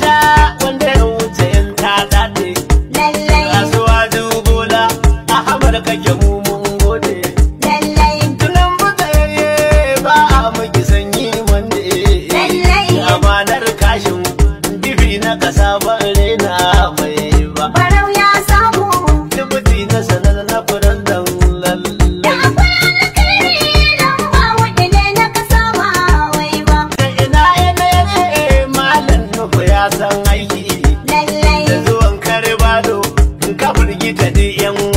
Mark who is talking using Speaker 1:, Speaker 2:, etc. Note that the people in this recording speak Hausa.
Speaker 1: kake mu ka ta duk yan